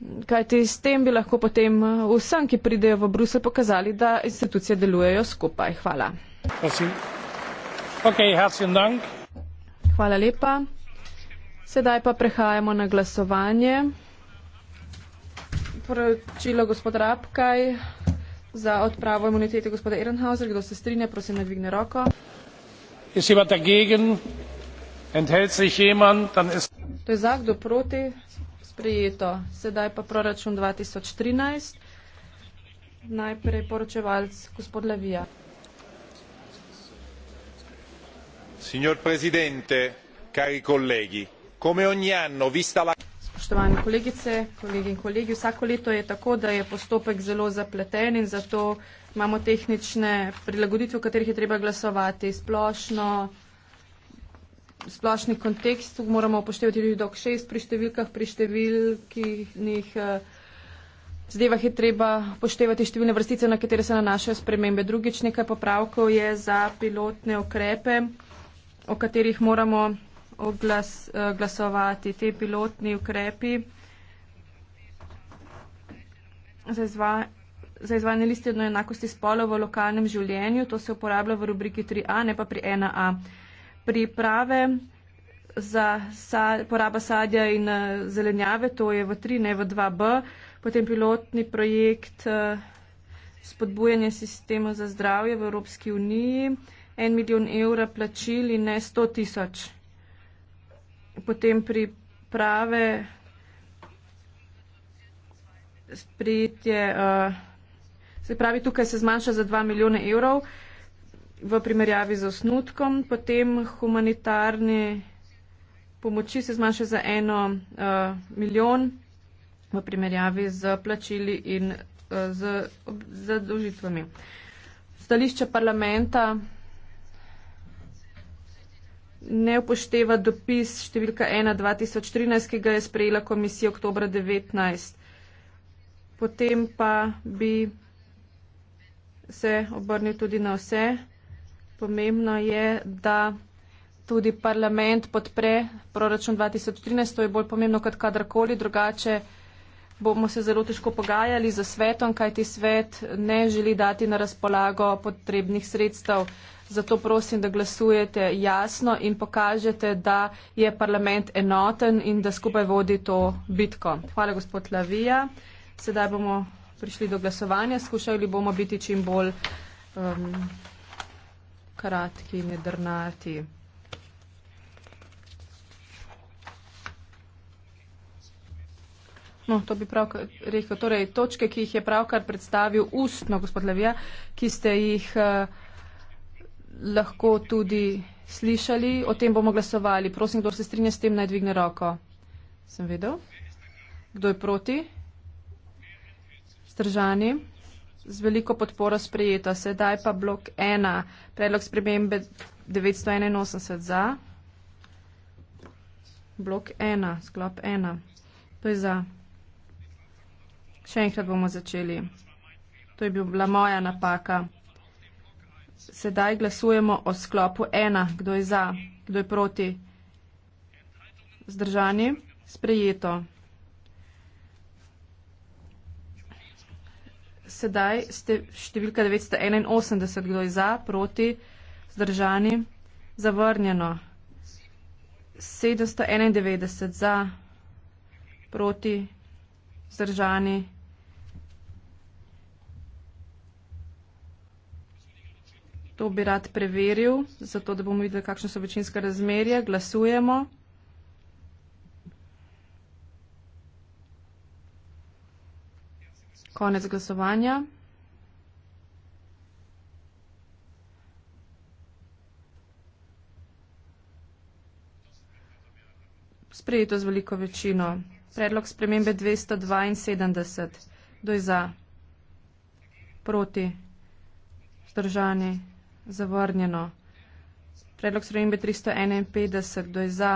Kajti s tem bi lahko potem eh, vsem, ki pridejo v Bruselj, pokazali, da institucije delujejo skupaj. Hvala. Okay, Hvala lepa. Sedaj pa prehajamo na glasovanje. Poročilo gospod Rapkaj za odpravo imunitete gospoda Ehrenhauser. Kdo se strinja, prosim, da dvigne roko. To je za, kdo proti? sprejeto. Sedaj pa proračun 2013. Najprej poročevalc gospod Levija. Signor Presidente, cari colleghi, come ogni anno, vista la. Spoštovane kolegice, kolegi in kolegi, vsako leto je tako, da je postopek zelo zapleten in zato imamo tehnične prilagoditve, v katerih je treba glasovati splošno, splošni kontekst, moramo upoštevati tudi dok šest pri številkah, pri številkih eh, zadevah je treba upoštevati številne vrstice, na katere se nanašajo spremembe. Drugič, nekaj popravkov je za pilotne ukrepe, o katerih moramo oglas, eh, glasovati. Te pilotni ukrepi za izvajanje za izvajanje liste enakosti spolov v lokalnem življenju. To se uporablja v rubriki 3a, ne pa pri 1a. Uh, priprave za sa, poraba sadja in uh, zelenjave, to je v 3, ne v 2B, potem pilotni projekt uh, spodbujanje sistema za zdravje v Evropski uniji, en milijon evra plačili, ne 100 tisoč. Potem priprave, sprejetje, uh, se pravi, tukaj se zmanjša za 2 milijone evrov. Uh, v primerjavi z osnutkom, potem humanitarni pomoči se zmanjša za eno uh, milijon v primerjavi z plačili in uh, z zadožitvami. Stališče parlamenta ne upošteva dopis številka 1 2013, ki ga je sprejela komisija oktober 19. Potem pa bi se obrnil tudi na vse pomembno je, da tudi parlament podpre proračun 2013. To je bolj pomembno kot kadarkoli, drugače bomo se zelo težko pogajali za svetom, kajti svet ne želi dati na razpolago potrebnih sredstev. Zato prosim, da glasujete jasno in pokažete, da je parlament enoten in da skupaj vodi to bitko. Hvala, gospod Lavija. Sedaj bomo prišli do glasovanja. Skušali bomo biti čim bolj. Um, kratki in jedrnati. No, to bi pravkar rekel. Torej, točke, ki jih je pravkar predstavil ustno gospod Levija, ki ste jih eh, lahko tudi slišali, o tem bomo glasovali. Prosim, kdo se strinja s tem, naj dvigne roko. Sem vedel. Kdo je proti? Stržani z veliko podporo sprejeto. Sedaj pa blok 1, predlog spremembe 981 za. Blok 1, sklop 1. To je za. Še enkrat bomo začeli. To je bila moja napaka. Sedaj glasujemo o sklopu 1. Kdo je za? Kdo je proti? Zdržani? Sprejeto. sedaj ste številka 981, kdo je za, proti, zdržani, zavrnjeno. 791 za, proti, zdržani. To bi rad preveril, zato da bomo videli, kakšne so večinske razmerje. Glasujemo. konec glasovanja. Sprejeto z veliko večino. Predlog spremembe 272. Kdo je za? Proti? Zdržani? Zavrnjeno. Predlog spremembe 351. Kdo je za?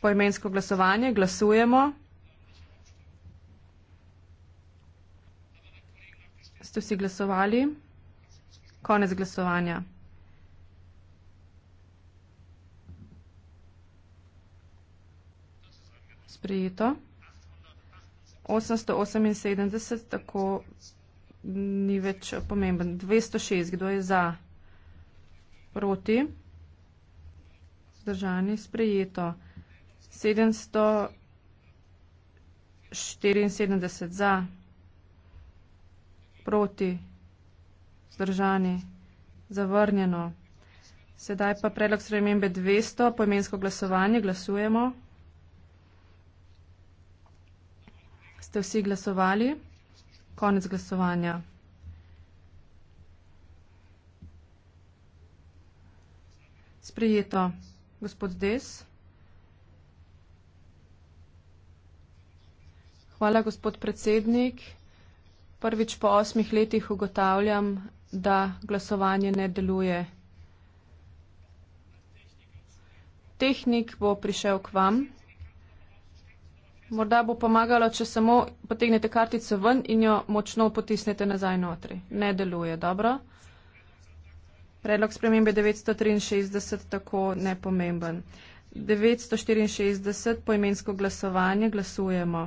Poimensko glasovanje. Glasujemo. Glasujemo. ste vsi glasovali? Konec glasovanja. Sprejeto. 878, tako ni več pomemben. 206, kdo je za? Proti. Zdržani, sprejeto. 774 za proti, zdržani, zavrnjeno. Sedaj pa predlog spremembe 200, poimensko glasovanje, glasujemo. Ste vsi glasovali? Konec glasovanja. Sprijeto, gospod Des. Hvala, gospod predsednik prvič po osmih letih ugotavljam, da glasovanje ne deluje. Tehnik bo prišel k vam. Morda bo pomagalo, če samo potegnete kartico ven in jo močno potisnete nazaj notri. Ne deluje, dobro. Predlog spremembe 963 tako nepomemben. 964 poimensko glasovanje glasujemo.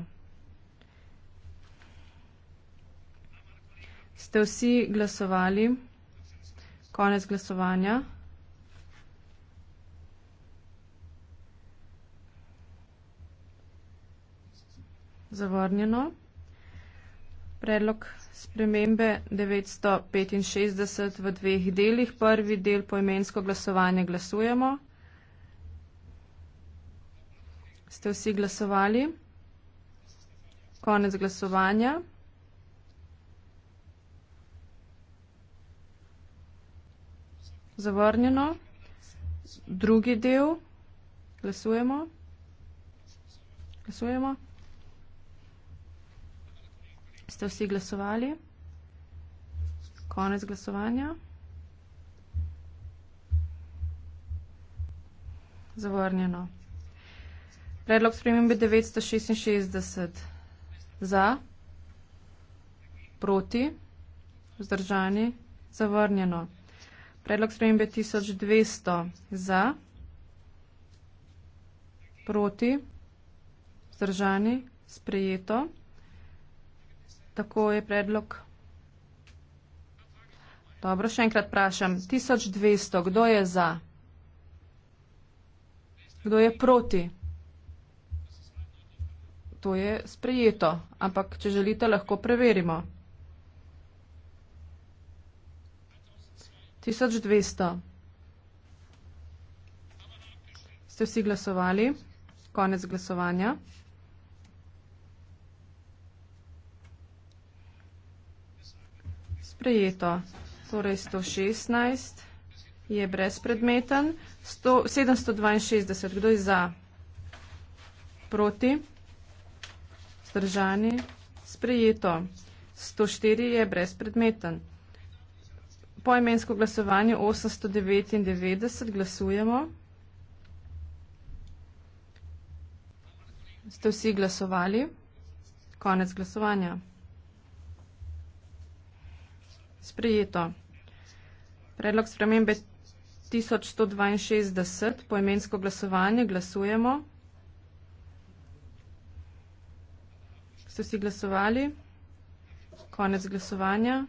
Ste vsi glasovali? Konec glasovanja. Zavrnjeno. Predlog spremembe 965 v dveh delih. Prvi del poimensko glasovanje glasujemo. Ste vsi glasovali? Konec glasovanja. Zavrnjeno. Drugi del. Glasujemo. Glasujemo. Ste vsi glasovali? Konec glasovanja. Zavrnjeno. Predlog spremembe 966 za, proti, vzdržani, zavrnjeno. Predlog spremembe 1200 za, proti, zdržani, sprejeto. Tako je predlog. Dobro, še enkrat prašam. 1200, kdo je za? Kdo je proti? To je sprejeto, ampak če želite, lahko preverimo. 1200. Ste vsi glasovali? Konec glasovanja. Sprejeto. Torej 116 je brezpredmeten. 762. Kdo je za? Proti? Zdržani? Sprejeto. 104 je brezpredmeten poimensko glasovanje 899 glasujemo. Ste vsi glasovali? Konec glasovanja. Sprejeto. Predlog spremembe 1162 poimensko glasovanje glasujemo. Ste vsi glasovali? Konec glasovanja.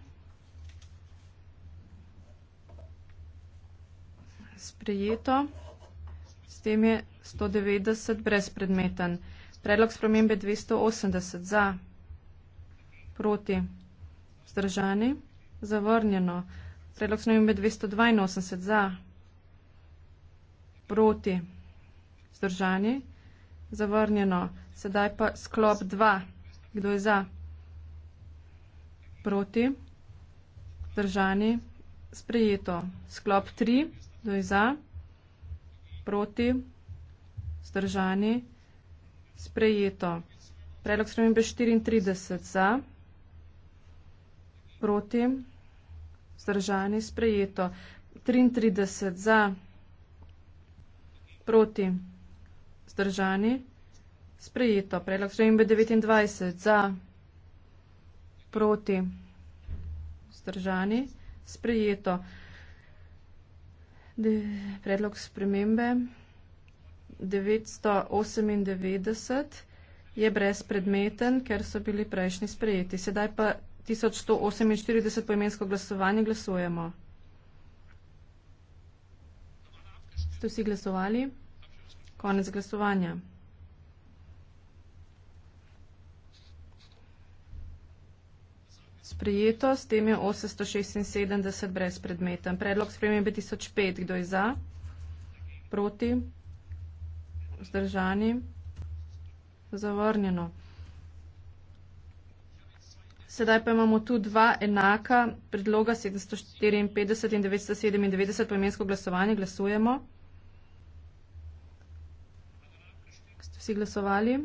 sprejeto. S tem je 190 brezpredmeten. Predlog spremembe 280 za, proti, vzdržani, zavrnjeno. Predlog spremembe 282 za, proti, vzdržani, zavrnjeno. Sedaj pa sklop 2. Kdo je za? Proti, vzdržani, sprejeto. Sklop 3. Kdo je za? Proti? Zdržani? Sprejeto. Predlog spremembe 34 za, proti, zdržani, sprejeto. 33 za, proti, zdržani, sprejeto. Predlog spremembe 29 za, proti, zdržani, sprejeto. De, predlog spremembe 998 je brezpredmeten, ker so bili prejšnji sprejeti. Sedaj pa 1148 poimensko glasovanje glasujemo. Ste vsi glasovali? Konec glasovanja. sprejeto, s tem je 876 brezpredmeten. Predlog spremembe 2005, kdo je za, proti, vzdržani, zavrnjeno. Sedaj pa imamo tu dva enaka predloga 754 in 997 poimensko glasovanje. Glasujemo. Ste vsi glasovali?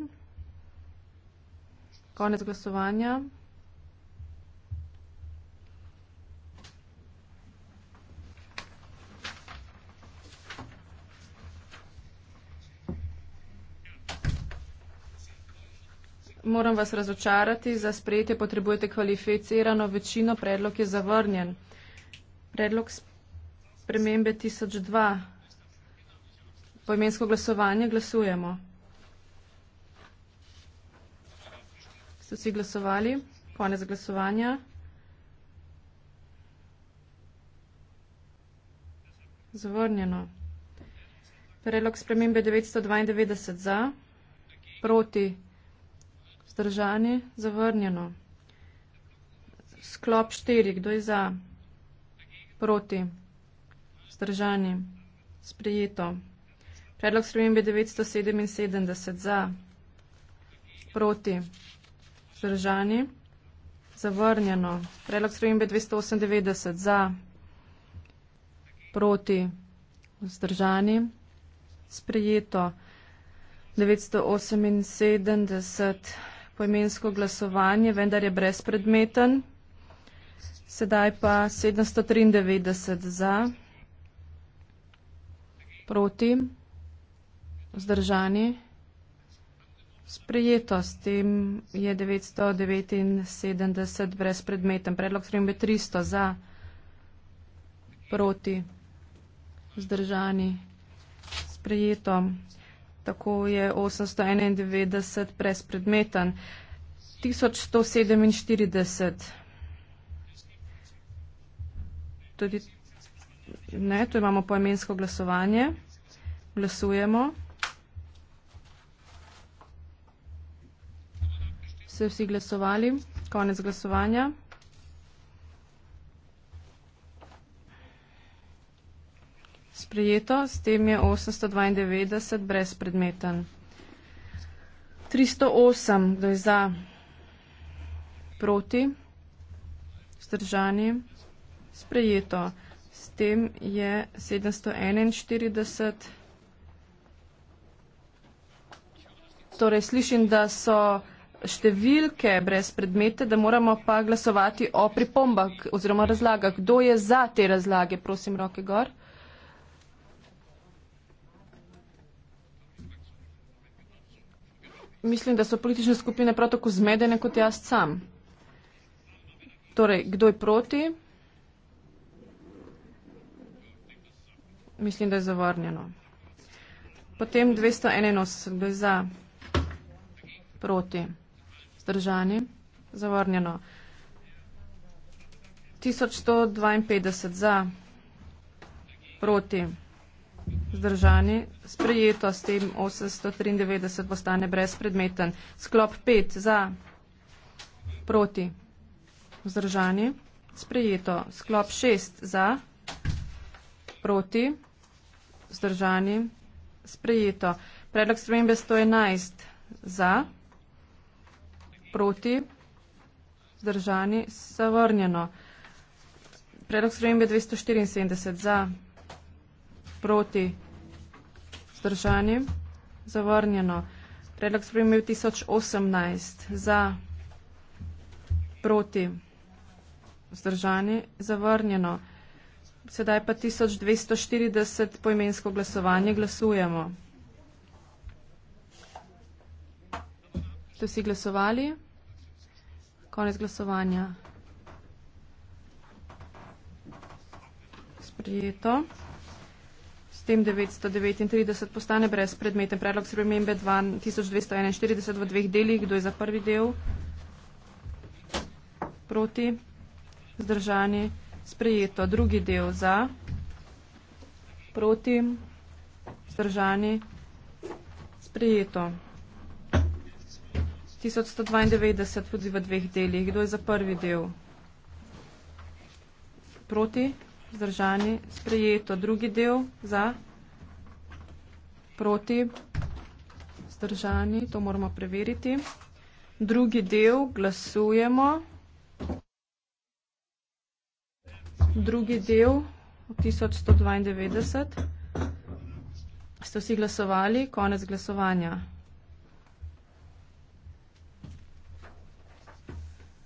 Konec glasovanja. moram vas razočarati, za sprejetje potrebujete kvalificirano večino, predlog je zavrnjen. Predlog spremembe 1002. Poimensko glasovanje glasujemo. Ste vsi glasovali? Konec glasovanja. Zavrnjeno. Predlog spremembe 992 za, proti Vzdržani? Zavrnjeno. Sklop štiri. Kdo je za? Proti. Vzdržani? Sprejeto. Predlog spremembe 977. Za? Proti. Vzdržani? Zavrnjeno. Predlog spremembe 298. Za? Proti. Vzdržani? Sprejeto. 978 poimensko glasovanje, vendar je brezpredmeten. Sedaj pa 793 za, proti, vzdržani. Sprejeto s tem je 979 brezpredmeten. Predlog srednje je 300 za, proti, vzdržani. Sprejeto tako je 891 brezpredmeten, 1147. Tudi, ne, tu imamo poemensko glasovanje, glasujemo. Se vsi glasovali, konec glasovanja. sprejeto, s tem je 892 brezpredmeten. 308, kdo je za, proti, vzdržani, sprejeto, s tem je 741. Torej, slišim, da so številke brez predmete, da moramo pa glasovati o pripombah oziroma razlagah. Kdo je za te razlage? Prosim, roke gor. mislim, da so politične skupine prav tako zmedene kot jaz sam. Torej, kdo je proti? Mislim, da je zavrnjeno. Potem 281, kdo je za? Proti. Zdržani? Zavrnjeno. 1152 za? Proti. Zdržani. Sprejeto s tem 893 postane brezpredmeten. Sklop 5 za. Proti. Vzdržani. Sprejeto. Sklop 6 za. Proti. Vzdržani. Sprejeto. Predlog spremembe 111 za. Proti. Vzdržani. Savrnjeno. Predlog spremembe 274 za. Proti proti, vzdržani, zavrnjeno. Predlog sprejemil 1018, za, proti, vzdržani, zavrnjeno. Sedaj pa 1240 poimensko glasovanje, glasujemo. Ste vsi glasovali? Konec glasovanja. Sprijeto tem 939 postane brez predmeten predlog spremembe 2241 v dveh delih. Kdo je za prvi del? Proti. Zdržani. Sprejeto. Drugi del za. Proti. Zdržani. Sprejeto. 1192 tudi v dveh delih. Kdo je za prvi del? Proti. Zdržani. Sprejeto. Drugi del. Za. Proti. Zdržani. To moramo preveriti. Drugi del. Glasujemo. Drugi del. 1192. Ste vsi glasovali? Konec glasovanja.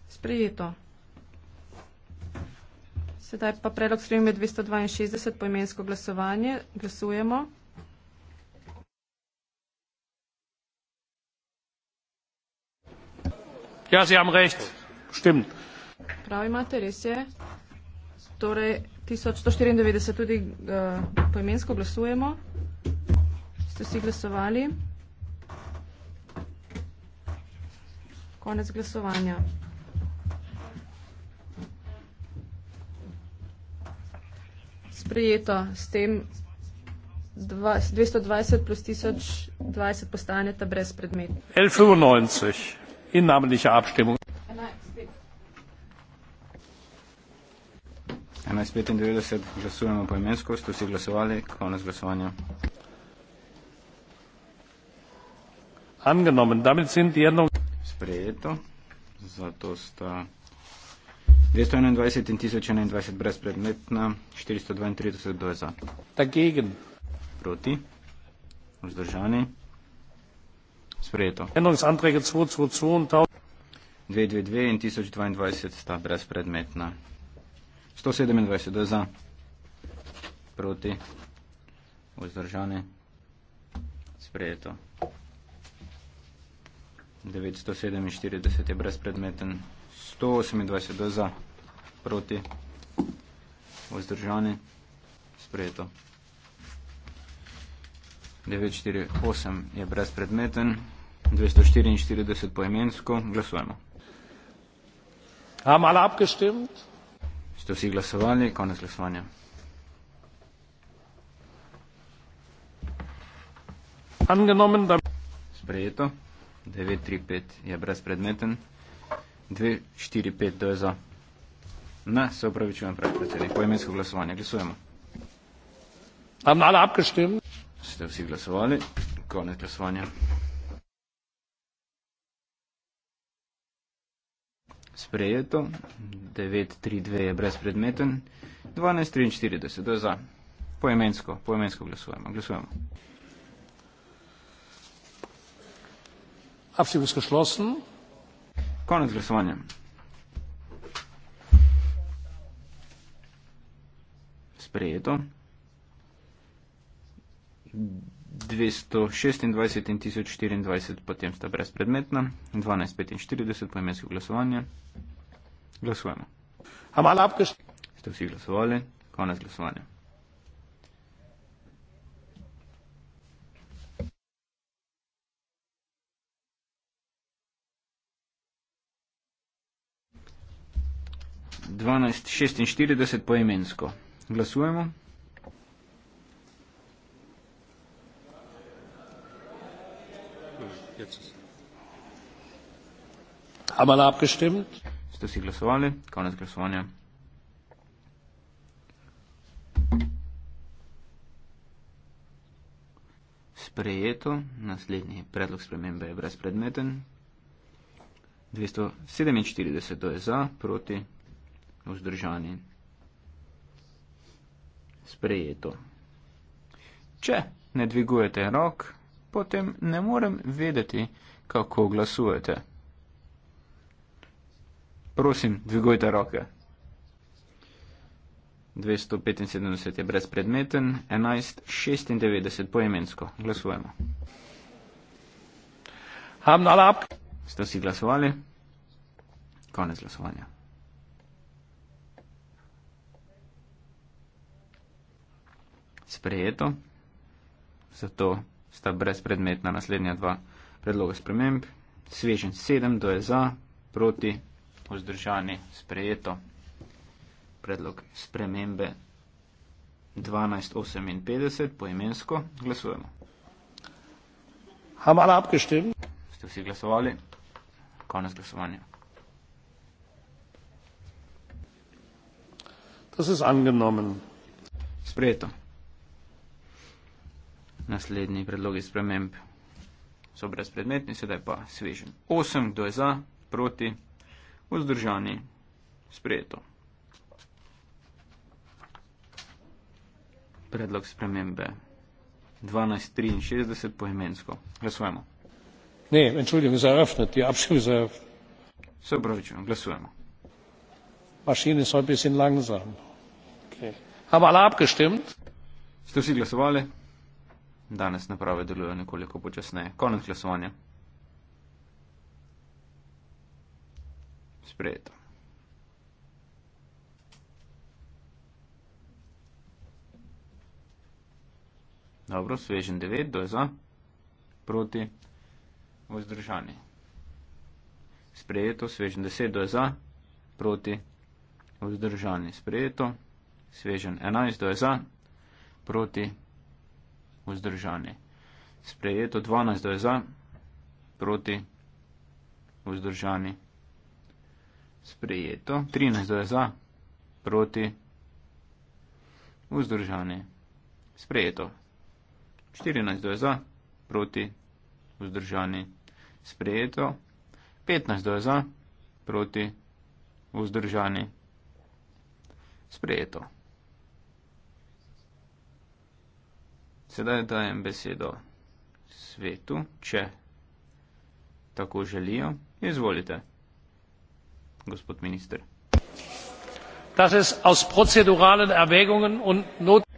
Sprejeto. Sedaj pa predlog spremembe 262 poimensko glasovanje. Glasujemo. Ja, Sie haben recht. Stimmt. Prav imate, res je. Torej, 1194 tudi uh, poimensko glasujemo. Ste vsi glasovali? Konec glasovanja. sprejeto, s tem dva, 220 plus 1020 postanete brez predmeta. 11.95 in namenliča abstimmung. 11.95 glasujemo po imensko, ste vsi glasovali, konec glasovanja. Angenomen, damit sind die Änderungen. Sprejeto, zato sta. 221 in 1021 brezpredmetna, 432 kdo je za. Dagegen. Proti. Vzdržani. Sprejeto. 222 in 1022 sta brezpredmetna. 127 kdo je za. Proti. Vzdržani. Sprejeto. 947 je brezpredmeten. 128 za, proti, vzdržani, sprejeto. 948 je brezpredmeten, 244 poimensko, glasujemo. Haben alle abgestimmt? Ste vsi glasovali, konec glasovanja. Angenommen, da... Sprejeto. 935 je brezpredmeten. 2, 4, 5, to je za. Ne, se opravičujem, predsednik, po imensko glasovanje. Glasujemo. Am alle abgestimmt? Ste vsi glasovali? Konec glasovanja. Sprejeto. 9, 3, 2 je brezpredmeten. 12, 43, to je za. Po imensko, po imensko glasujemo. Glasujemo. Abstimmung ist geschlossen. Konec glasovanja. Sprejeto. 226 in 1024 potem sta brezpredmetna, 1245 po imensko glasovanje. Glasujemo. Ste vsi glasovali? Konec glasovanja. 1246 poemensko. Glasujemo. Amal abgestimmt. Ste si glasovali? Konec glasovanja. Prejeto, naslednji predlog spremembe je brezpredmeten. 247 je za, proti vzdržani, sprejeto. Če ne dvigujete rok, potem ne morem vedeti, kako glasujete. Prosim, dvigujte roke. 275 je brezpredmeten, 1196 poemensko. Glasujemo. Ste vsi glasovali? Konec glasovanja. sprejeto, zato sta brezpredmetna naslednja dva predloga sprememb. Svežen 7, do je za, proti, vzdržani, sprejeto. Predlog spremembe 1258 poimensko glasujemo. Hamala apkeštim. Ste vsi glasovali? Konec glasovanja. Das ist angenommen. Sprejeto naslednji predlogi sprememb so brezpredmetni, sedaj pa svežen. 8, kdo je za, proti, vzdržani, sprejeto. Predlog spremembe 1263 poimensko. Glasujemo. Ne, enčuljim za rafnati, apšim za. Se upravičujem, glasujemo. Mašine so bisin langsam. Okay. Haba labke štimt? Ste vsi glasovali? danes naprave delujejo nekoliko počasneje. Konec glasovanja. Sprejeto. Dobro, svežen 9, do je za, proti, vzdržani. Sprejeto, svežen 10, do je za, proti, vzdržani. Sprejeto, svežen 11, do je za, proti, vzdržani vzdržani. Sprejeto 12 je za, proti, vzdržani. Sprejeto 13 je za, proti, vzdržani. Sprejeto 14 je za, proti, vzdržani. Sprejeto 15 je za, proti, vzdržani. Sprejeto. Sedaj dajem besedo svetu, če tako želijo. Izvolite, gospod minister. Not...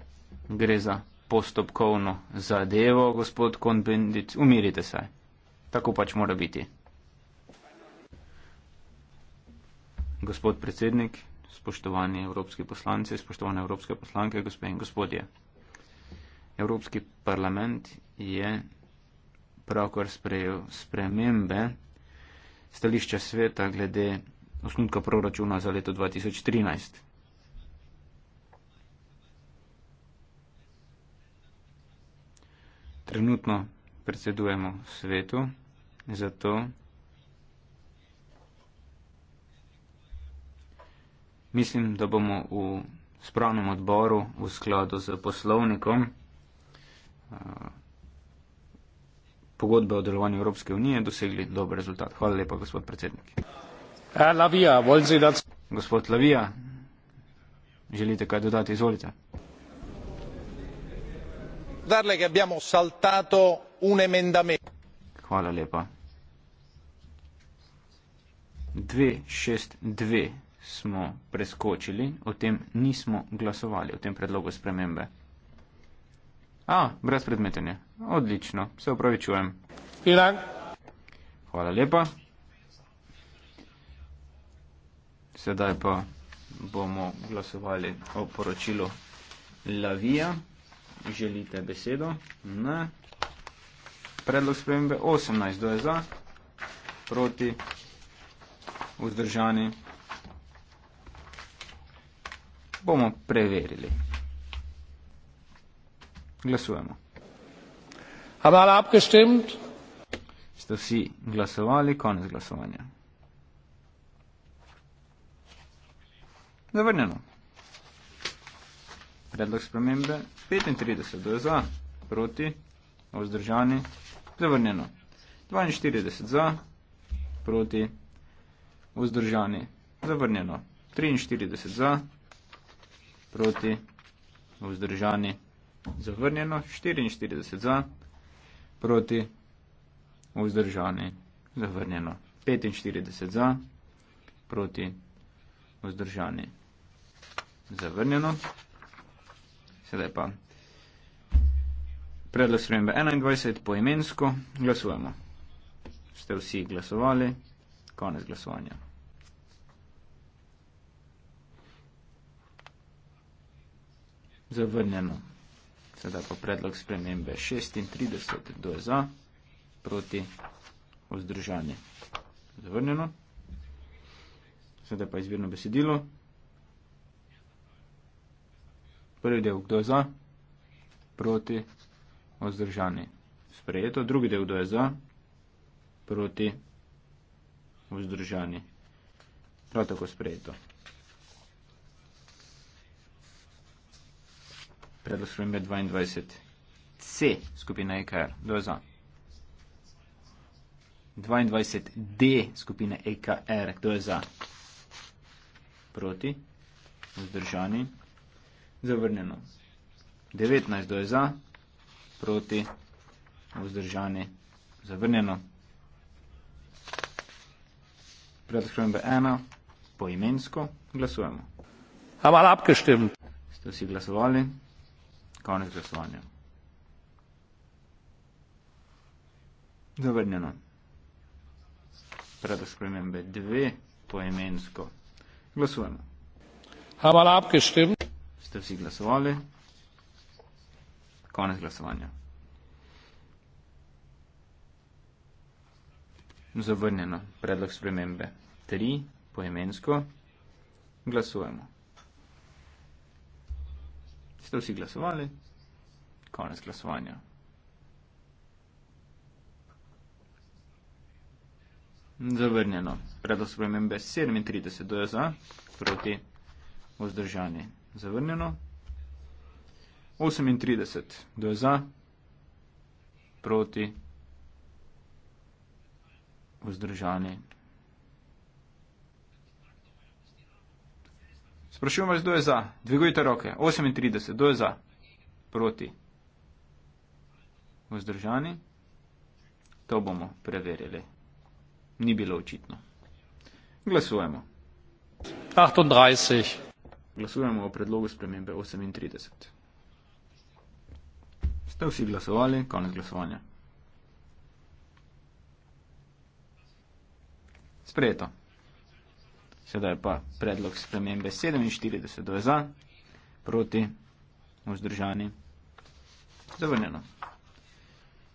Gre za postopkovno zadevo, gospod Konbendic. Umirite se. Tako pač mora biti. Gospod predsednik, spoštovani evropski poslanci, spoštovane evropske poslanke, gospe in gospodje. Evropski parlament je pravkar sprejel spremembe stališča sveta glede osnutka proračuna za leto 2013. Trenutno predsedujemo svetu, zato mislim, da bomo v spravnem odboru v skladu z poslovnikom pogodbe o delovanju Evropske unije dosegli dober rezultat. Hvala lepa, gospod predsednik. Gospod Lavija, želite kaj dodati? Izvolite. Hvala lepa. 262 smo preskočili, o tem nismo glasovali, o tem predlogu spremembe. A, brez predmetenja. Odlično, se upravičujem. Filan. Hvala lepa. Sedaj pa bomo glasovali o poročilu Lavija. Želite besedo? Ne. Predlog spremembe 18. Kdo je za? Proti? Vzdržani? Bomo preverili. Glasujemo. Haben alle abgestimmt? Ste vsi glasovali? Konec glasovanja. Zavrnjeno. Predlog spremembe 35, kdo je za, proti, vzdržani, zavrnjeno. 42 za, proti, vzdržani, zavrnjeno. 43 za, proti, vzdržani, zavrnjeno zavrnjeno 44 za, proti vzdržani zavrnjeno 45 za, proti vzdržani zavrnjeno. Sedaj pa predlog spremembe 21 poimensko glasujemo. Ste vsi glasovali, konec glasovanja. Zavrnjeno Sedaj pa predlog spremembe 36, kdo je za, proti, vzdržanje. Zavrnjeno. Sedaj pa izbirno besedilo. Prvi del, kdo je za, proti, vzdržanje. Sprejeto. Drugi del, kdo je za, proti, vzdržanje. Prav tako sprejeto. predlog spremembe 22. C skupina EKR. Kdo je za? 22. D skupina EKR. Kdo je za? Proti. Zdržani. Zavrnjeno. 19. Kdo je za? Proti. Vzdržani. Zavrnjeno. Predlog spremembe 1. Poimensko glasujemo. Hvala, apke štim. Ste vsi glasovali? Konec glasovanja. Zavrnjeno. Predlog spremembe dve poemensko. Glasujemo. Ste vsi glasovali? Konec glasovanja. Zavrnjeno. Predlog spremembe tri poemensko. Glasujemo. Ste vsi glasovali? Konec glasovanja. Zavrnjeno. Predlog spremembe 37 do za, proti vzdržani. Zavrnjeno. 38 do za, proti vzdržani. Sprašujem vas, kdo je za? Dvigujte roke. 38. Kdo je za? Proti. Vzdržani. To bomo preverili. Ni bilo očitno. Glasujemo. 38. Glasujemo o predlogu spremembe 38. Ste vsi glasovali? Konec glasovanja. Sprejeto. Sedaj pa predlog spremembe 47 do za, proti, vzdržani, zavrnjeno.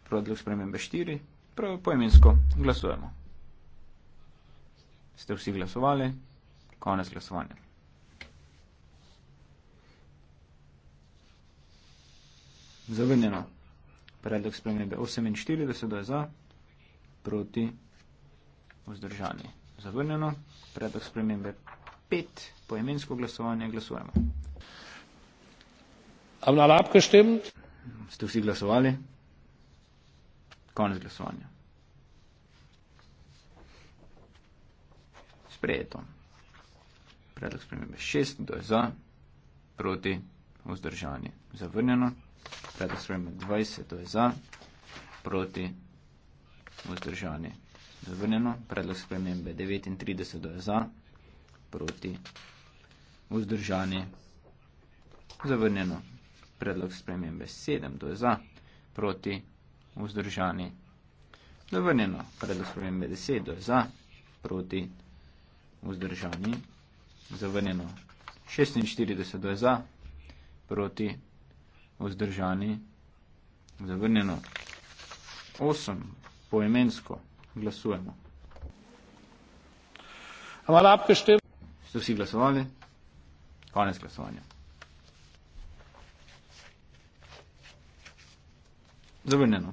Predlog spremembe 4, prav poemensko, glasujemo. Ste vsi glasovali, konec glasovanja. Zavrnjeno. Predlog spremembe 48 do za, proti, vzdržani zavrnjeno. Predlog spremembe 5, poemensko glasovanje, glasujemo. Ste vsi glasovali? Konec glasovanja. Sprejeto. Predlog spremembe 6, kdo je za, proti, vzdržani, zavrnjeno. Predlog spremembe 20, kdo je za, proti, vzdržani, zavrnjeno zavrnjeno, predlog spremembe 39 do je za, proti, vzdržani, zavrnjeno, predlog spremembe 7 do je za, proti, vzdržani, zavrnjeno, predlog spremembe 10 do je za, proti, vzdržani, zavrnjeno, 46 do je za, proti, vzdržani, zavrnjeno, 8 poimensko, glasujemo. Ste vsi glasovali? Konec glasovanja. Zavrnjeno.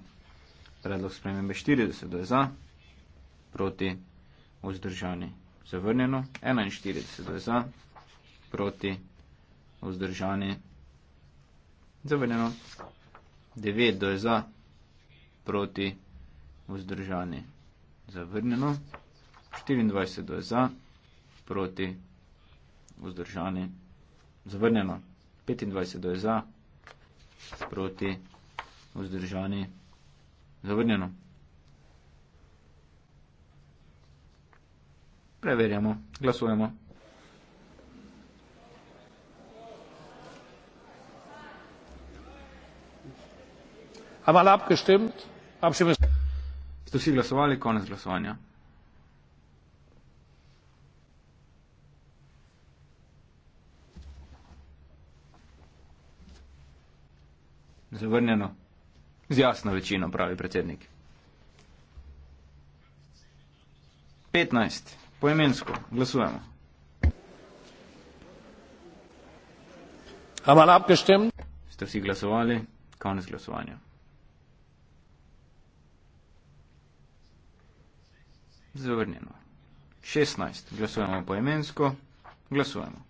Predlog spremembe 40, kdo je za, proti, vzdržani. Zavrnjeno. 41, kdo je za, proti, vzdržani. Zavrnjeno. 9, kdo je za, proti, vzdržani zavrnjeno, 24 je za, proti, vzdržani, zavrnjeno, 25 je za, proti, vzdržani, zavrnjeno. Preverjamo, glasujemo. Einmal abgestimmt, abstimmen. Ste vsi glasovali, konec glasovanja. Zavrnjeno. Z jasno večino, pravi predsednik. 15. Poimensko. Glasujemo. Ste vsi glasovali? Konec glasovanja. zavrnjeno. 16. Glasujemo poemensko. Glasujemo.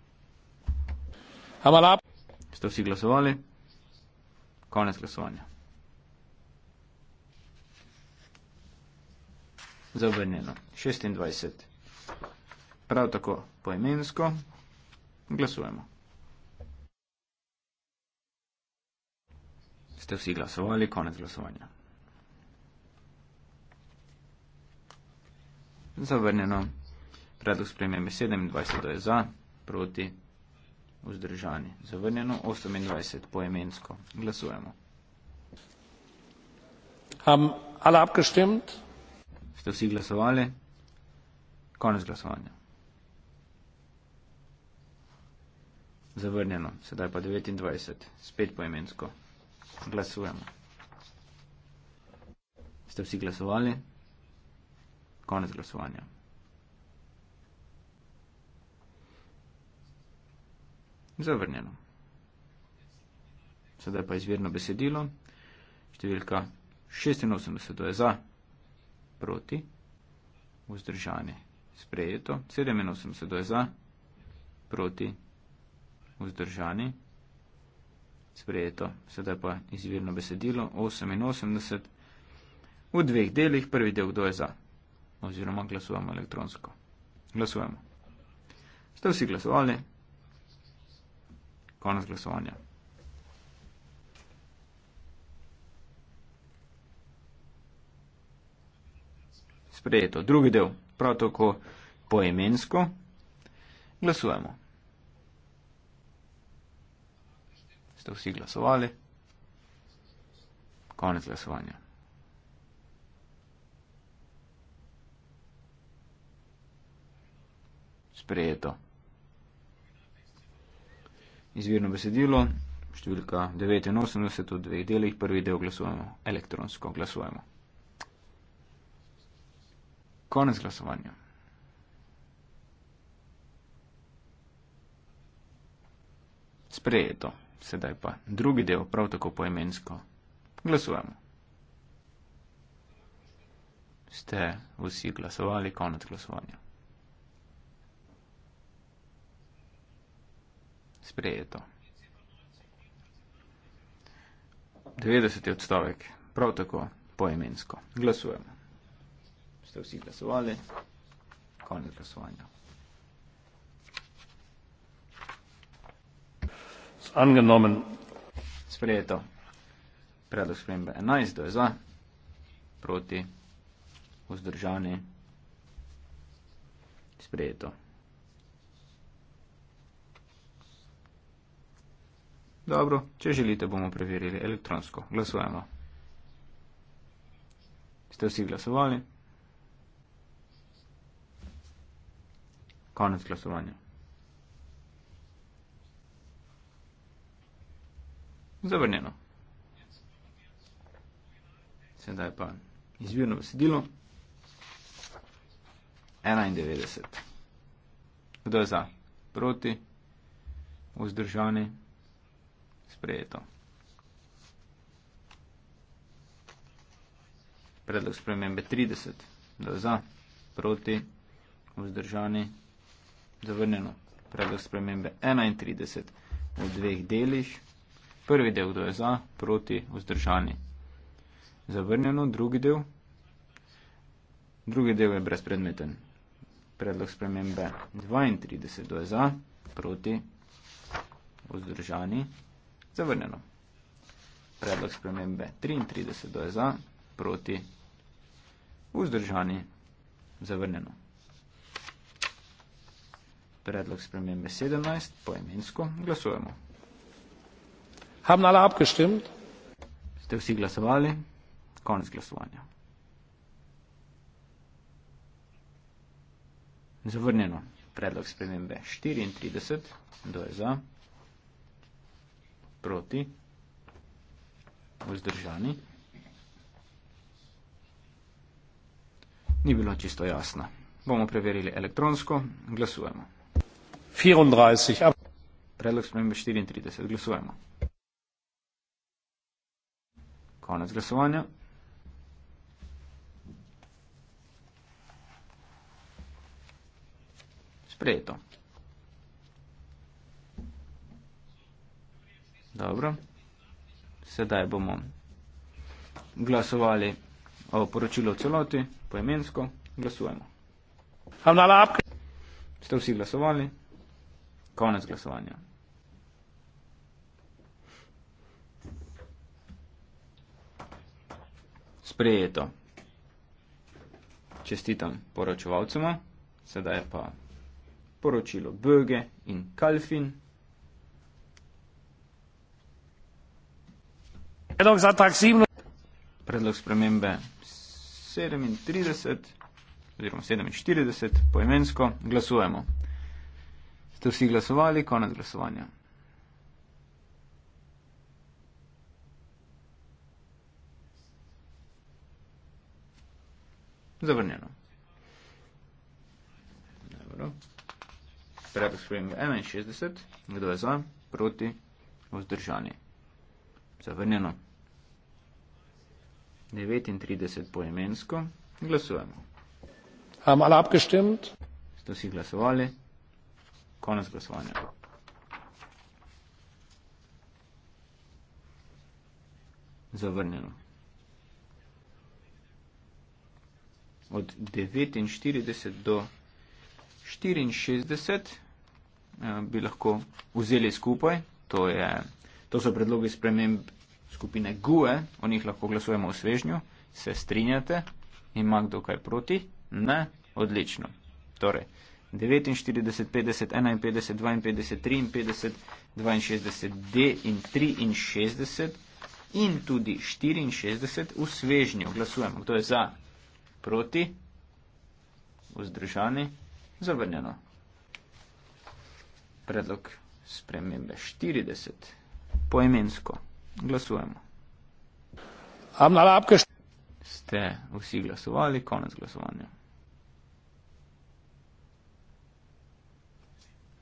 Hvala. Ste vsi glasovali? Konec glasovanja. Zavrnjeno. 26. Prav tako poemensko. Glasujemo. Ste vsi glasovali? Konec glasovanja. zavrnjeno. Predlog spremembe 27 je za, proti, vzdržani. Zavrnjeno 28 poemensko. Glasujemo. Haben alle abgestimmt? Ste vsi glasovali? Konec glasovanja. Zavrnjeno. Sedaj pa 29. Spet poemensko. Glasujemo. Ste vsi glasovali? Konec glasovanja. Zavrnjeno. Sedaj pa izvirno besedilo. Številka 86 je za, proti, vzdržani, sprejeto. 87 je za, proti, vzdržani, sprejeto. Sedaj pa izvirno besedilo 88 v dveh delih. Prvi del, kdo je za oziroma glasujemo elektronsko. Glasujemo. Ste vsi glasovali? Konec glasovanja. Sprejeto. Drugi del. Prav tako poemensko. Glasujemo. Ste vsi glasovali? Konec glasovanja. sprejeto. Izvirno besedilo, številka 89 v dveh delih, prvi del glasujemo, elektronsko glasujemo. Konec glasovanja. Sprejeto, sedaj pa drugi del, prav tako poemensko. Glasujemo. Ste vsi glasovali, konec glasovanja. sprejeto. 90. odstavek, prav tako poemensko. Glasujemo. Ste vsi glasovali? Konec glasovanja. Angenomen. Sprejeto. Predlog spremembe 11, kdo je za, proti, vzdržani. Sprejeto. Dobro, če želite, bomo preverili elektronsko. Glasujemo. Ste vsi glasovali? Konec glasovanja. Zavrnjeno. Sedaj pa izvirno besedilo. 91. Kdo je za? Proti? Vzdržani? sprejeto. Predlog spremembe 30. Da za, proti, vzdržani, zavrnjeno. Predlog spremembe 31 v dveh deliš. Prvi del, kdo je za, proti, vzdržani. Zavrnjeno, drugi del. Drugi del je brezpredmeten. Predlog spremembe 32, kdo je za, proti, vzdržani zavrnjeno. Predlog spremembe 33 je za, proti, vzdržani, zavrnjeno. Predlog spremembe 17, poemensko, glasujemo. Ste vsi glasovali? Konec glasovanja. Zavrnjeno. Predlog spremembe 34, kdo je za? proti, vzdržani. Ni bilo čisto jasno. Bomo preverili elektronsko. Glasujemo. 34. Predlog spremembe 34. Glasujemo. Konec glasovanja. Sprejeto. Dobro. Sedaj bomo glasovali o poročilu v celoti, poemensko. Glasujemo. Ste vsi glasovali? Konec glasovanja. Sprejeto. Čestitam poročevalcema. Sedaj pa poročilo Böge in Kalfin. predlog za taksimno. Predlog spremembe 37 oziroma 47 poimensko glasujemo. Ste vsi glasovali, konec glasovanja. Zavrnjeno. Dobro. Predlog spremembe 61, kdo je za, proti, vzdržanje zavrnjeno. 39 poemensko, glasujemo. Haben alle abgestimmt? Ste vsi glasovali? Konec glasovanja. Zavrnjeno. Od 49 do 64 eh, bi lahko vzeli skupaj, to je To so predlogi sprememb skupine GUE, o njih lahko glasujemo v svežnju. Se strinjate? Ima kdo kaj proti? Ne? Odlično. Torej, 49, 50, 51, 52, 53, 62, D in 63 in tudi 64 v svežnju. Glasujemo. Kdo je za? Proti? Vzdržani? Zavrnjeno. Predlog spremembe 40 poimensko. Glasujemo. Ste vsi glasovali, konec glasovanja.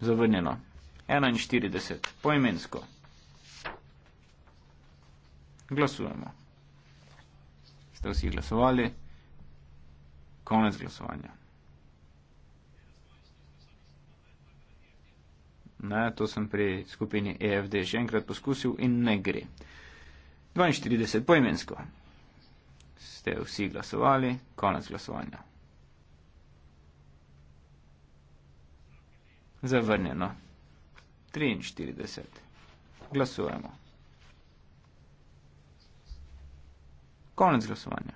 Zavrnjeno. 41. Poimensko. Glasujemo. Ste vsi glasovali, konec glasovanja. Ne, to sem pri skupini EFD že enkrat poskusil in ne gre. 42 poimensko. Ste vsi glasovali, konec glasovanja. Zavrnjeno. 43. Glasujemo. Konec glasovanja.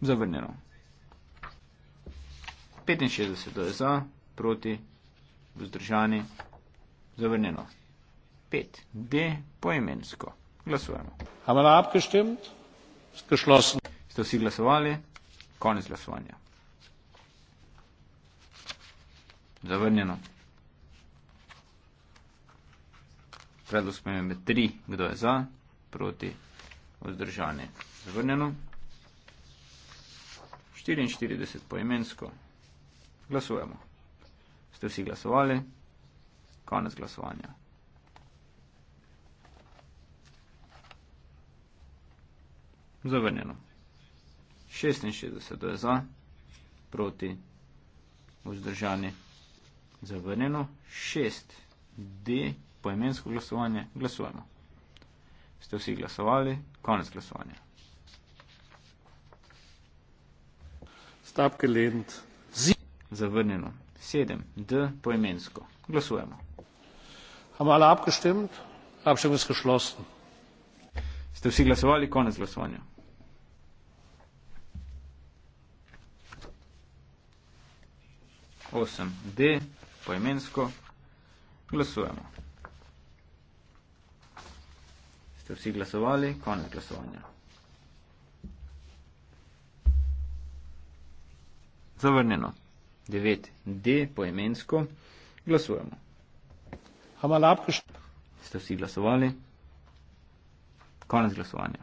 Zavrnjeno. 65 je za, proti, vzdržani, zavrnjeno. 5. D poimensko. Glasujemo. Hamela abgestimt? Geschlossen. Ste vsi glasovali? Konec glasovanja. Zavrnjeno. Predlog spremembe 3. Kdo je za? Proti. Vzdržanje. Zavrnjeno. 44 poimensko. Glasujemo. Ste vsi glasovali? Konec glasovanja. Zavrnjeno. 66 je za, proti, vzdržani, zavrnjeno. 6D, poimensko glasovanje, glasujemo. Ste vsi glasovali? Konec glasovanja. Stavke Lent. Zavrnjeno. 7. D. Poimensko. Glasujemo. Haben alle abgestimmt? Abstimmung ist geschlossen. Ste vsi glasovali? Konec glasovanja. Osem. D. Poimensko. Glasujemo. Ste vsi glasovali? Konec glasovanja. Zavrnjeno. 9D poemensko. Glasujemo. Ste vsi glasovali? Konec glasovanja.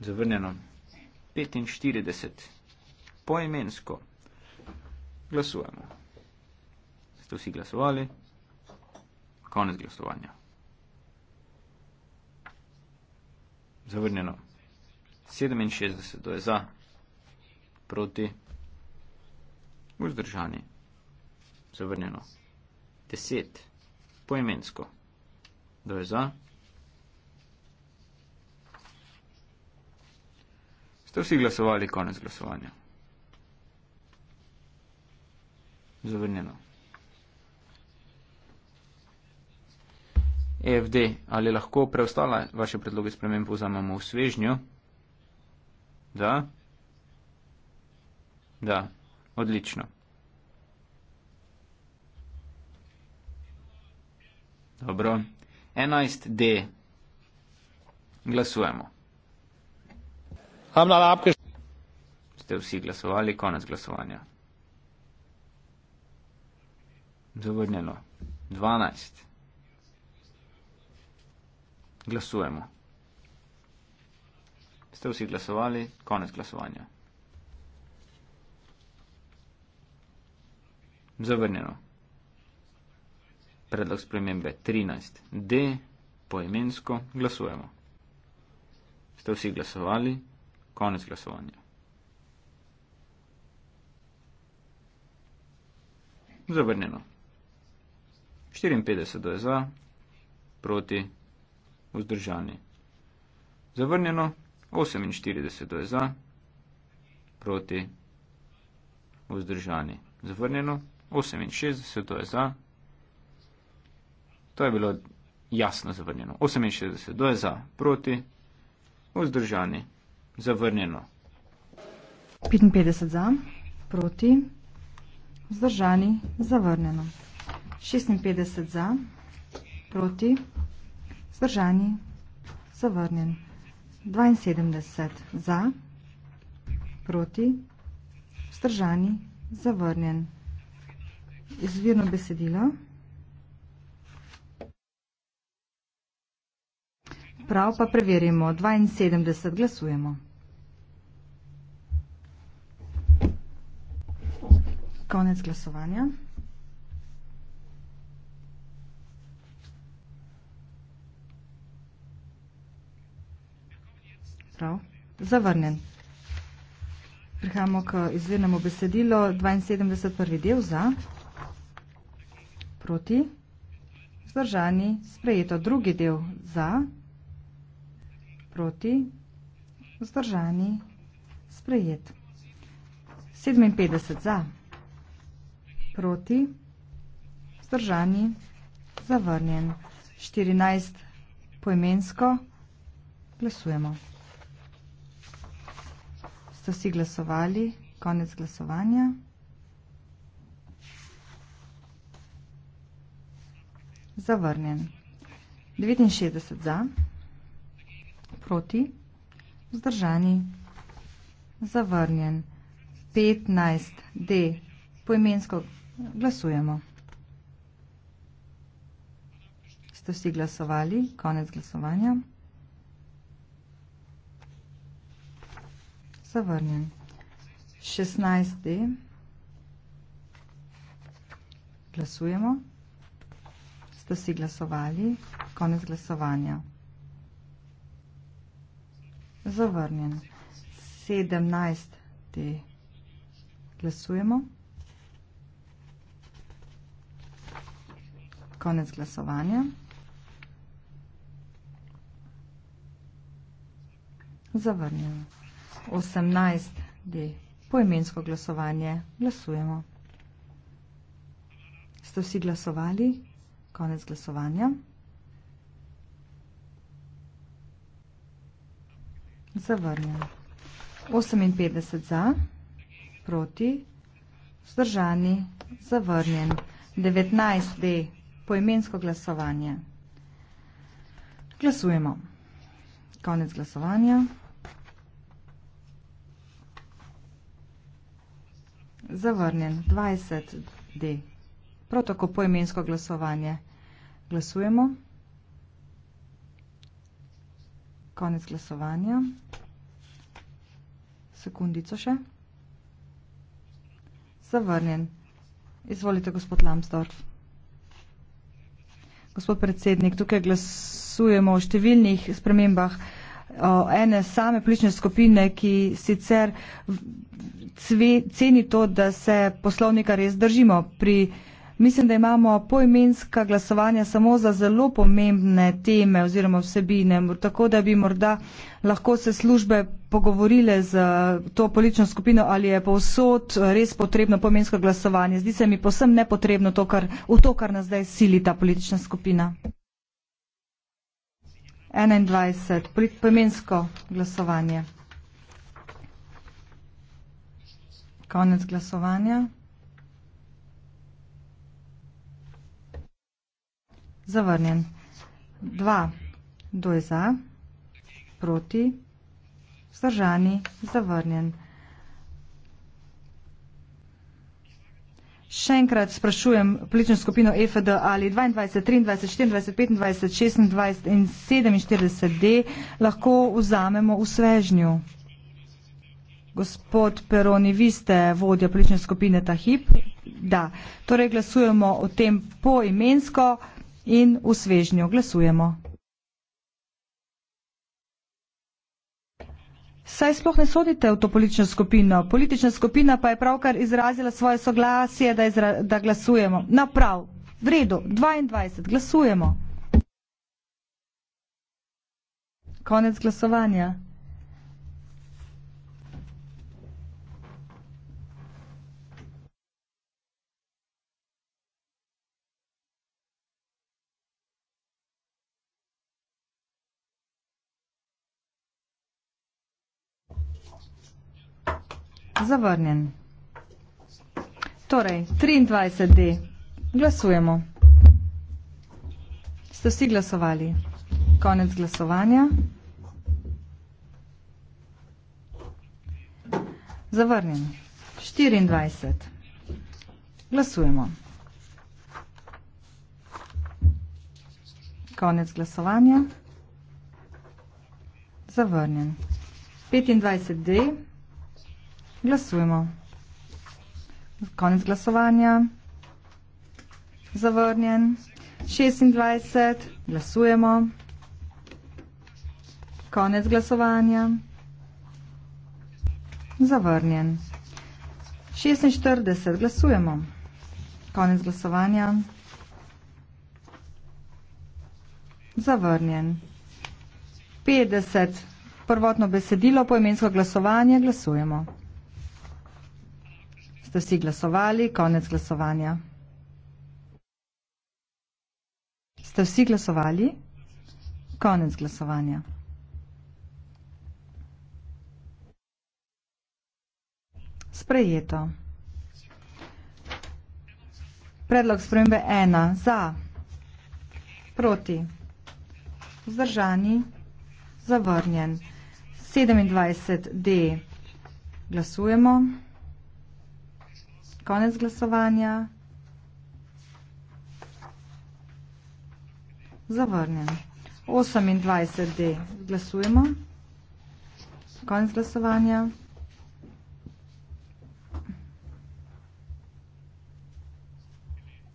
Zavrnjeno 45 poemensko. Glasujemo. Ste vsi glasovali? Konec glasovanja. Zavrnjeno 67, to je za, proti, vzdržani, zavrnjeno, deset, poimensko, kdo je za, ste vsi glasovali, konec glasovanja, zavrnjeno. EFD, ali lahko preostala vaše predloge spremembo vzamemo v svežnju? Da. Da, odlično. Dobro. 11D. Glasujemo. Ste vsi glasovali, konec glasovanja. Zavrnjeno. 12. Glasujemo. Ste vsi glasovali, konec glasovanja. zavrnjeno. Predlog spremembe 13. D. Poimensko glasujemo. Ste vsi glasovali? Konec glasovanja. Zavrnjeno. 54 je za, proti, vzdržani. Zavrnjeno. 48 je za, proti, vzdržani. Zavrnjeno. 68 to je za. To je bilo jasno zavrnjeno. 68 to je za, proti, vzdržani, zavrnjeno. 55 za, proti, vzdržani, zavrnjeno. 56 za, proti, vzdržani, zavrnjen. 72 za, proti, vzdržani, zavrnjen izvirno besedilo. Prav pa preverimo. 72 glasujemo. Konec glasovanja. Prav. Zavrnen. Prihajamo k izvirnemu besedilo. 72 prvi del za proti, vzdržani, sprejeto drugi del za, proti, vzdržani, sprejet. 57 za, proti, vzdržani, zavrnjen. 14 poimensko, glasujemo. Ste vsi glasovali, konec glasovanja. zavrnjen. 69 za, proti, vzdržani, zavrnjen. 15 D, poimensko glasujemo. Ste vsi glasovali, konec glasovanja. Zavrnjen. 16 D, glasujemo. 16 D, glasujemo ste si glasovali. Konec glasovanja. Zavrnjen. 17. Te. Glasujemo. Konec glasovanja. Zavrnjen. 18. D. Poimensko glasovanje. Glasujemo. Ste vsi glasovali? Konec glasovanja. Zavrnjen. 58 za, proti, vzdržani, zavrnjen. 19D, poimensko glasovanje. Glasujemo. Konec glasovanja. Zavrnjen. 20D prav tako poimensko glasovanje. Glasujemo. Konec glasovanja. Sekundico še. Zavrnjen. Izvolite, gospod Lambsdorff. Gospod predsednik, tukaj glasujemo o številnih spremembah o ene same politične skupine, ki sicer cve, ceni to, da se poslovnika res držimo pri Mislim, da imamo poimenska glasovanja samo za zelo pomembne teme oziroma vsebine, tako da bi morda lahko se službe pogovorile z to politično skupino, ali je povsod res potrebno poimensko glasovanje. Zdi se mi posem nepotrebno to, kar, v to, kar nas zdaj sili ta politična skupina. 21. Poimensko glasovanje. Konec glasovanja. Zavrnjen. Dva. Kdo je za? Proti. Vzdržani. Zavrnjen. Še enkrat sprašujem politično skupino EFD ali 22, 23, 24, 25, 26 in 47 D lahko vzamemo v svežnju. Gospod Peroni, vi ste vodja politične skupine Tahip? Da. Torej glasujemo o tem poimensko. imensko in v svežnju glasujemo. Saj sploh ne sodite v to politično skupino. Politična skupina pa je pravkar izrazila svoje soglasje, da, izra da glasujemo. Na prav, v redu, 22, glasujemo. Konec glasovanja. Zavrnjen. Torej, 23D. Glasujemo. Ste vsi glasovali? Konec glasovanja. Zavrnjen. 24. Glasujemo. Konec glasovanja. Zavrnjen. 25 dni. Glasujemo. Konec glasovanja. Zavrnjen. 26. Glasujemo. Konec glasovanja. Zavrnjen. 46. Glasujemo. Konec glasovanja. Zavrnjen. 50. Prvotno besedilo, poimensko glasovanje. Glasujemo. Glasujemo ste vsi glasovali, konec glasovanja. Ste vsi glasovali, konec glasovanja. Sprejeto. Predlog spremembe ena za, proti, vzdržani, zavrnjen. 27D glasujemo. Konec glasovanja. Zavrnjen. 28D. Glasujemo. Konec glasovanja.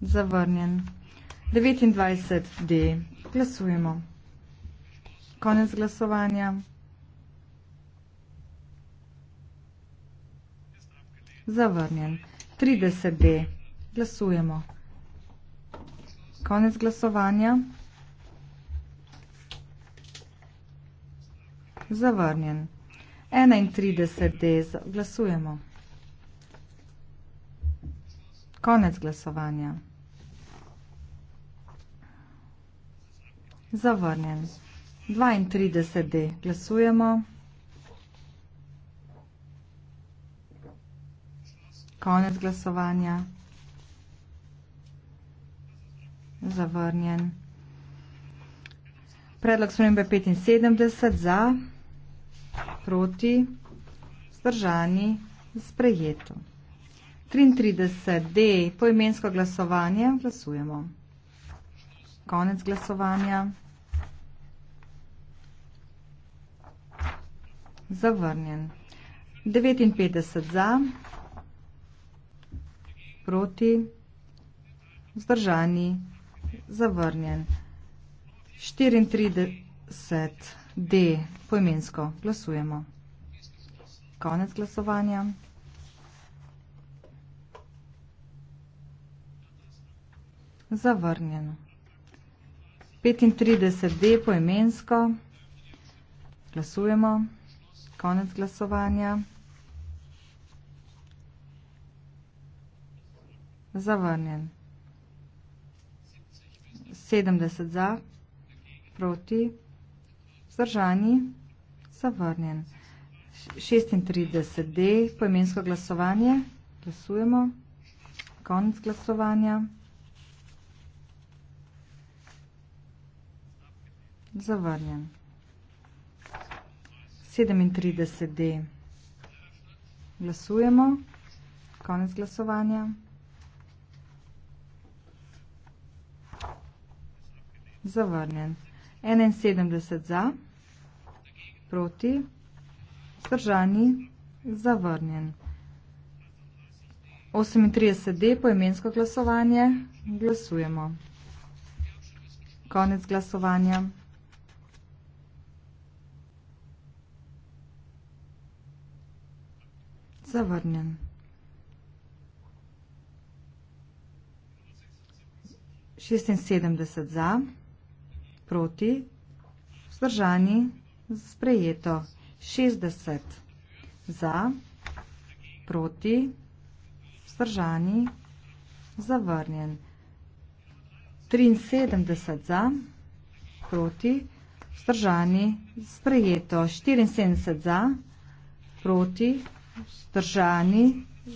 Zavrnjen. 29D. Glasujemo. Konec glasovanja. Zavrnjen. 30 D. Glasujemo. Konec glasovanja. Zavrnjen. 31 D. Glasujemo. Konec glasovanja. Zavrnjen. 32 D. Glasujemo. Zavrnjen. Konec glasovanja. Zavrnjen. Predlog spremembe 75 za, proti, zdržani, sprejeto. 33D, poimensko glasovanje, glasujemo. Konec glasovanja. Zavrnjen. 59 za, proti, vzdržani, zavrnjen. 34 D poimensko glasujemo. Konec glasovanja. Zavrnjeno. 35 D poimensko glasujemo. Konec glasovanja. Zavrnjen. 70 za, proti, vzdržani, zavrnjen. 36D, poimensko glasovanje, glasujemo, konec glasovanja, zavrnjen. 37D, glasujemo, konec glasovanja, zavrnjen. zavrnjen. 71 za, proti, zdržani, zavrnjen. 38D poimensko glasovanje, glasujemo. Konec glasovanja. Zavrnjen. 76 za, proti, vzdržani, sprejeto. 60 za, proti, vzdržani, zavrnjen. 73 za, proti, vzdržani, sprejeto. 74 za, proti, vzdržani,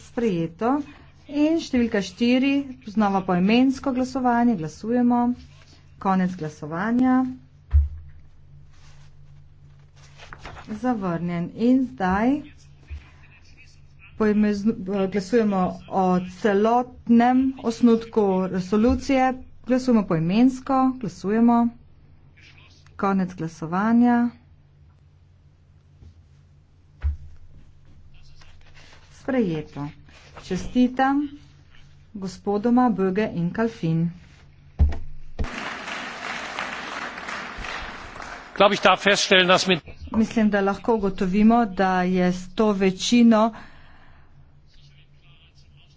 sprejeto. In številka 4, znova poimensko glasovanje, glasujemo konec glasovanja. Zavrnjen. In zdaj glasujemo o celotnem osnutku resolucije. Glasujemo poimensko. Glasujemo. Konec glasovanja. Sprejeto. Čestitam gospodoma Böge in Kalfin. Mislim, da lahko ugotovimo, da je s to večino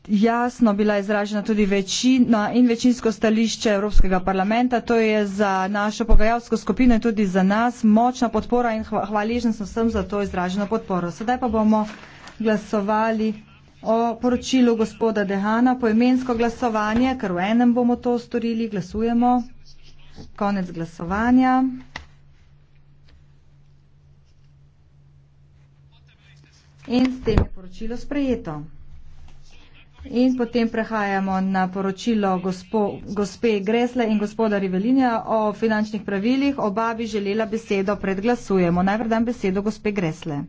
jasno bila izražena tudi večina in večinsko stališče Evropskega parlamenta. To je za našo pogajalsko skupino in tudi za nas močna podpora in hvaležen sem vsem za to izraženo podporo. Sedaj pa bomo glasovali o poročilu gospoda Dehana po imensko glasovanje, ker v enem bomo to storili. Glasujemo. Konec glasovanja. In s tem je poročilo sprejeto. In potem prehajamo na poročilo gospo, gospe Gresle in gospoda Rivelinja o finančnih pravilih. Oba bi želela besedo predglasujemo. Najprej dam besedo gospe Gresle.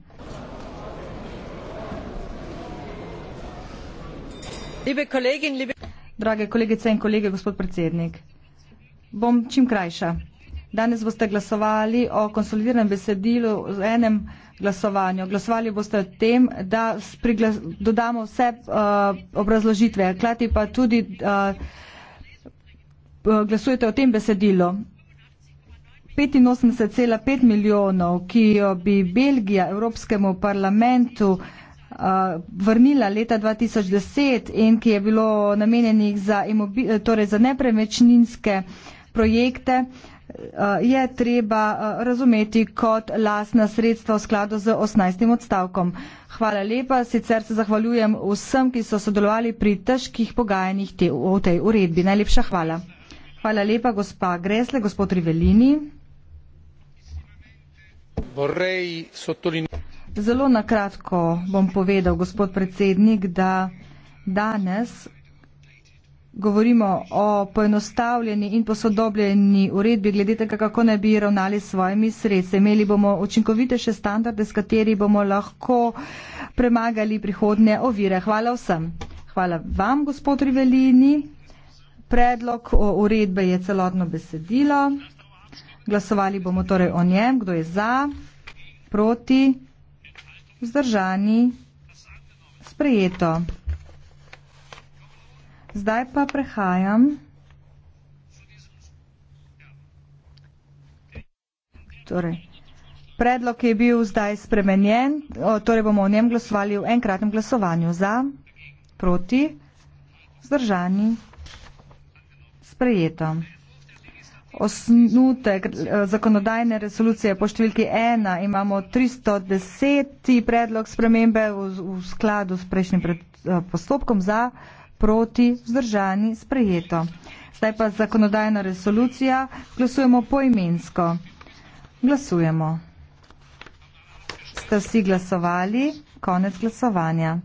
Liebe kolegin, liebe... Drage kolegice in kolege, gospod predsednik, bom čim krajša. Danes boste glasovali o konsolidiranem besedilu z enem glasovanju. Glasovali boste o tem, da dodamo vse uh, obrazložitve, hkrati pa tudi uh, uh glasujete o tem besedilu. 85,5 milijonov, ki jo bi Belgija Evropskemu parlamentu uh, vrnila leta 2010 in ki je bilo namenjenih za, torej za nepremečninske projekte, uh, Eh, je treba eh, razumeti kot lasna sredstva v skladu z 18. odstavkom. Hvala lepa, sicer se zahvaljujem vsem, ki so sodelovali pri težkih pogajanjih te, v tej uredbi. Najlepša hvala. Hvala lepa, gospa Gresle, gospod Rivelini. Zelo nakratko bom povedal, gospod predsednik, da danes govorimo o poenostavljeni in posodobljeni uredbi glede tega, kako naj bi ravnali s svojimi sredstvi. Imeli bomo učinkovitejše standarde, s kateri bomo lahko premagali prihodne ovire. Hvala vsem. Hvala vam, gospod Rivelini. Predlog uredbe je celotno besedilo. Glasovali bomo torej o njem, kdo je za, proti, vzdržani, sprejeto. Zdaj pa prehajam torej, predlog je bil zdaj spremenjen, torej bomo o njem glasovali v enkratnem glasovanju za, proti, zdržani, sprejeto. Osnutek eh, zakonodajne resolucije po številki 1 imamo 310 predlog spremembe v, v skladu s prejšnjim pred, eh, postopkom za, proti, vzdržani, sprejeto. Zdaj pa zakonodajna resolucija, glasujemo poimensko. Glasujemo. Ste vsi glasovali, konec glasovanja.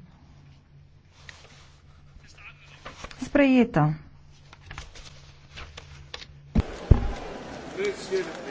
Sprejeto. Thank you.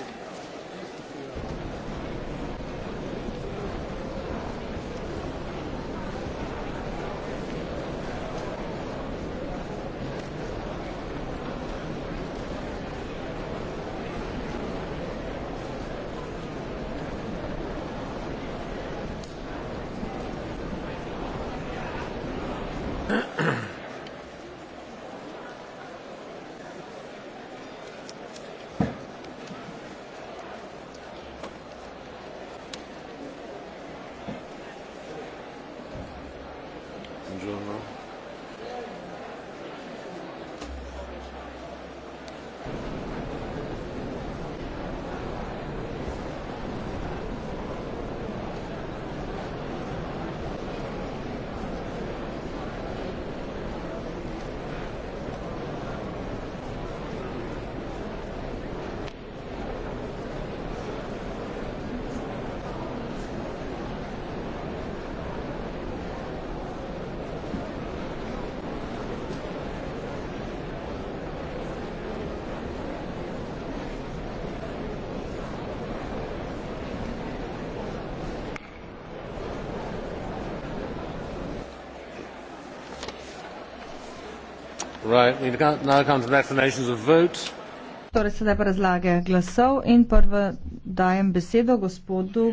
Torej, sedaj pa razlage glasov in prvo dajem besedo gospodu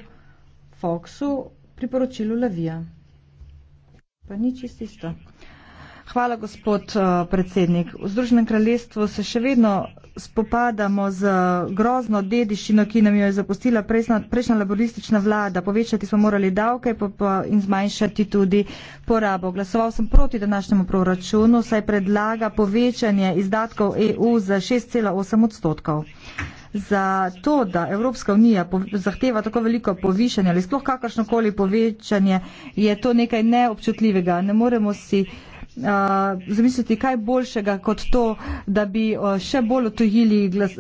Foxu pri poročilu Levija. Pa ni čisto isto. Hvala, gospod eh, predsednik. V Združenem kraljestvu se še vedno spopadamo z grozno dediščino, ki nam jo je zapustila prejšnja, prejšnja laboristična vlada. Povečati smo morali davke pa, pa, in zmanjšati tudi porabo. Glasoval sem proti današnjemu proračunu, saj predlaga povečanje izdatkov EU za 6,8 odstotkov. Za to, da Evropska unija zahteva tako veliko povišanje ali sploh kakršnokoli povečanje, je to nekaj neobčutljivega. Ne moremo si uh, Uh, zamisliti, kaj boljšega kot to, da bi uh, še bolj otojili glas.